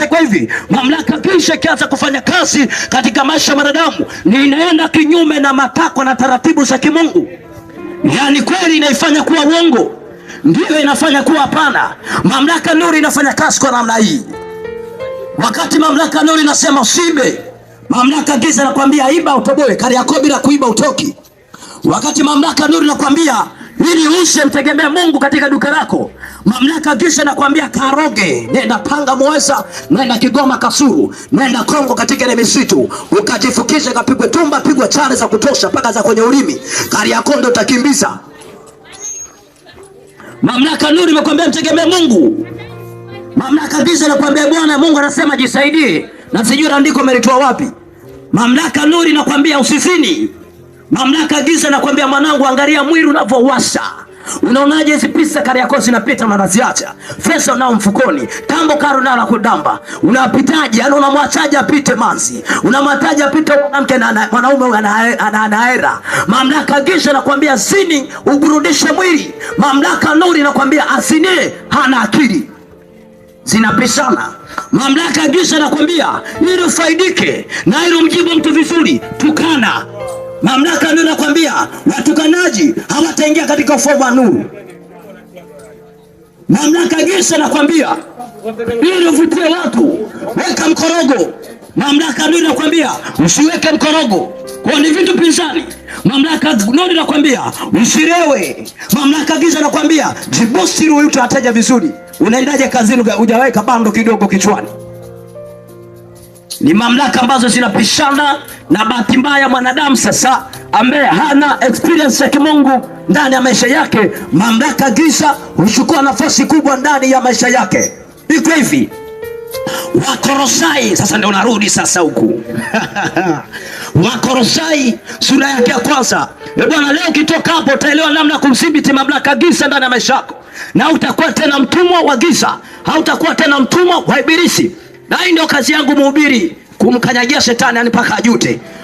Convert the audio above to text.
nisikilize kwa hivi, mamlaka kisha ikianza kufanya kazi katika maisha ya mwanadamu, ni inaenda kinyume na matakwa na taratibu za kimungu. Yaani kweli inaifanya kuwa uongo, ndiyo inafanya kuwa hapana. Mamlaka nuru inafanya kazi kwa namna hii. Wakati mamlaka nuru inasema usibe, mamlaka giza nakwambia iba utoboe. Kariakoo bila kuiba utoki. Wakati mamlaka nuru nakwambia ili ushe mtegemee Mungu katika duka lako. Mamlaka na kuambia Karoge, nenda Panga mweza, nenda Kigoma Kasuru, nenda Kongo katika ile misitu ukajifukishe, kapigwe tumba, pigwe chale za kutosha paka za kwenye ulimi, kari yako ndo utakimbiza. Mamlaka nuru imekwambia mtegemee Mungu. Mamlaka na kuambia Bwana Mungu anasema jisaidie, na sijui andiko umelitoa wapi. Mamlaka nuru inakwambia usizini. Mamlaka giza nakwambia, mwanangu, angalia mwili unavyowasha. Unaonaje hizi pisa kari yako zinapita na naziacha. Pesa unao mfukoni, tambo karo na kudamba. Unapitaje? yani unamwachaje apite manzi? Unamwataje apite mwanamke na mwanaume anahera. Mamlaka giza nakwambia zini uburudishe mwili. Mamlaka nuri nakwambia asinie hana akili. Zinapishana. Mamlaka giza nakwambia ili ufaidike na ili umjibu mtu vizuri, tukana Mamlaka ndio nakwambia, watukanaji hawataingia katika ufuo wa nuru. Mamlaka gisa nakwambia, ili uvutie watu, weka mkorogo. Mamlaka ndio nakwambia, usiweke mkorogo kwa ni vitu pinzani. Mamlaka ndio nakwambia, usirewe. Mamlaka Gesa nakwambia, jibosi, utateja vizuri. Unaendaje kazini hujawaeka bando kidogo kichwani? ni mamlaka ambazo zinapishana na bahati mbaya, mwanadamu sasa ambaye hana experience ya kimungu ndani ya maisha yake, mamlaka giza huchukua nafasi kubwa ndani ya maisha yake. Iko hivi Wakorosai, sasa ndio narudi sasa huku Wakorosai sura yake ya kwanza. E bwana, leo ukitoka hapo utaelewa namna ya kumdhibiti mamlaka giza ndani ya maisha yako, na utakuwa tena mtumwa wa giza, hautakuwa tena mtumwa wa ibilisi na hii ndio kazi yangu mhubiri, kumkanyagia shetani yani mpaka ajute.